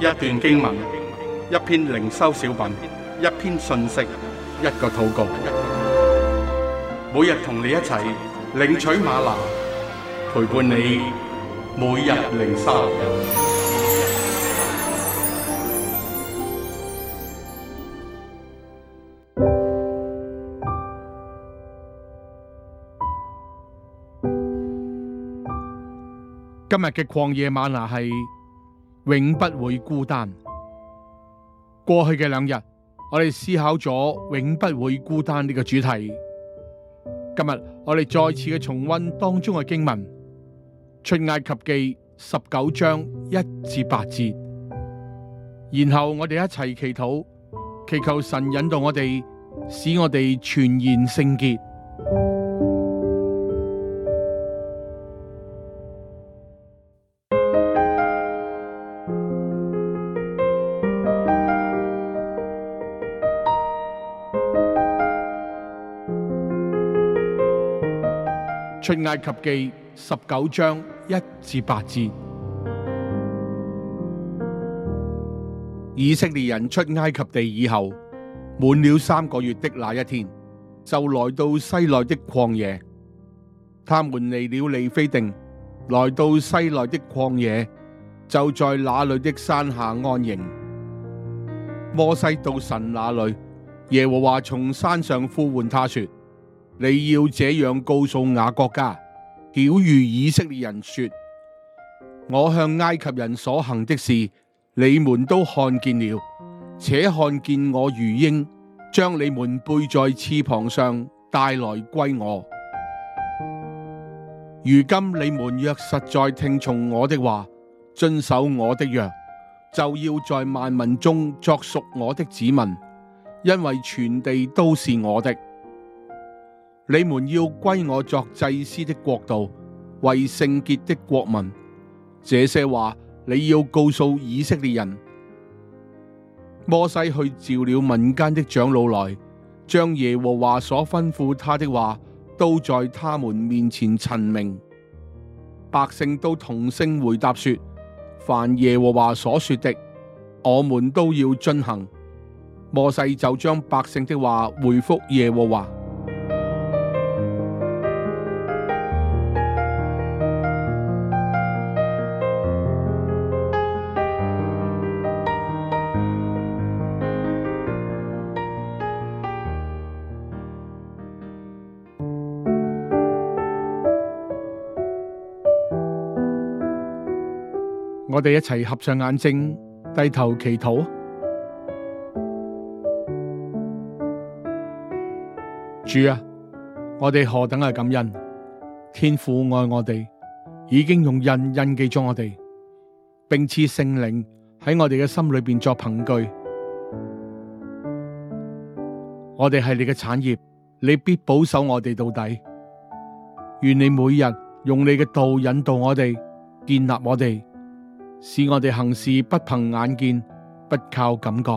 一段經文，一篇靈修小品，一篇信息，一個禱告。每日同你一齊領取嗎哪，陪伴你每日靈修。今日嘅曠野嗎哪係永不會孤單。過去嘅兩日，我哋思考咗永不會孤單呢個主題。今日我哋再次嘅重溫當中嘅經文，出埃及記十九章一至八節，然後我哋一齊祈禱，祈求神引導我哋，使我哋全然聖潔。出埃及記十九章一至八節：以色列人出埃及地以後，滿了三個月的那一天，就來到西奈的曠野。他們離了利非定，來到西奈的曠野，就在那裏的山下安營。摩西到神那裏，耶和華從山上呼喚他說。你要這樣告訴雅各家，曉諭以色列人說：我向埃及人所行的事，你們都看見了，且看見我如鷹，將你們背在翅膀上帶來歸我。如今你們若實在聽從我的話，遵守我的約，就要在萬民中作屬我的子民，因為全地都是我的。你們要歸我作祭司的國度，為聖潔的國民。這些話你要告訴以色列人。摩西去召了民間的長老來，將耶和華所吩咐他的話都在他們面前陳明。百姓都同聲回答說：凡耶和華所說的，我們都要遵行。摩西就將百姓的話回覆耶和華。我哋一齊合上眼睛，低頭祈禱。主啊，我哋何等嘅感恩，天父愛我哋，已經用印印記咗我哋，並賜聖靈喺我哋嘅心裏邊作憑據。我哋係你嘅產業，你必保守我哋到底。願你每日用你嘅道引導我哋，建立我哋。使我哋行事不憑眼見，不靠感覺，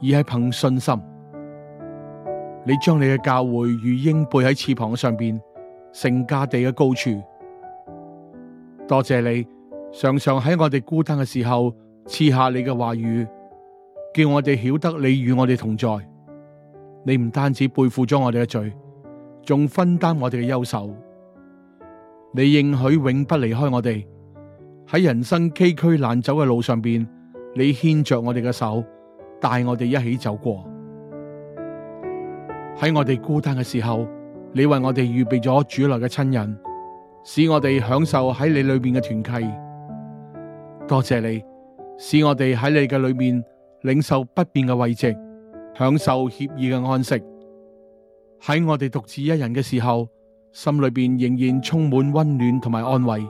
而係憑信心。你將你嘅教誨如鷹背喺翅膀嘅上邊，乘駕地嘅高處。多謝你，常常喺我哋孤單嘅時候賜下你嘅話語，叫我哋曉得你與我哋同在。你唔單止背負咗我哋嘅罪，仲分擔我哋嘅憂愁。你應許永不離開我哋。喺人生崎嶇難走嘅路上邊，你牽着我哋嘅手，帶我哋一起走過；喺我哋孤單嘅時候，你為我哋預備咗主內嘅親人，使我哋享受喺你裏面嘅團契。多謝你，使我哋喺你嘅裏面領受不變嘅慰藉，享受愜意嘅安息。喺我哋獨自一人嘅時候，心裏邊仍然充滿溫暖同埋安慰。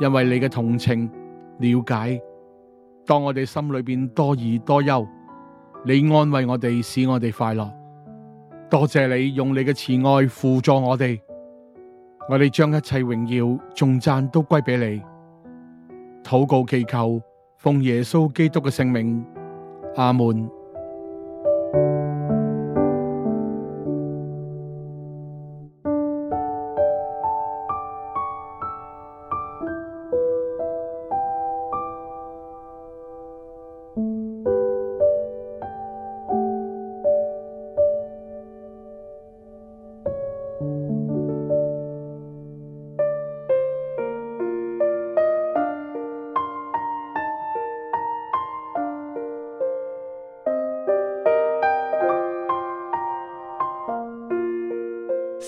因為你嘅同情、了解，當我哋心裏邊多疑多憂，你安慰我哋，使我哋快樂。多謝你用你嘅慈愛輔助我哋，我哋將一切榮耀、頌讚都歸俾你。禱告祈求，奉耶穌基督嘅聖名，阿門。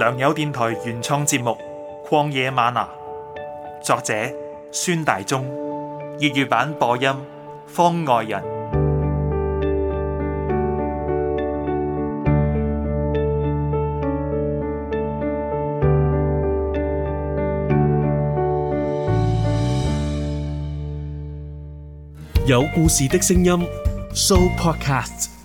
良友電台原創節目《曠野嗎哪》，作者孫大中，粵語版播音方外人。有故事的聲音，Show Podcast。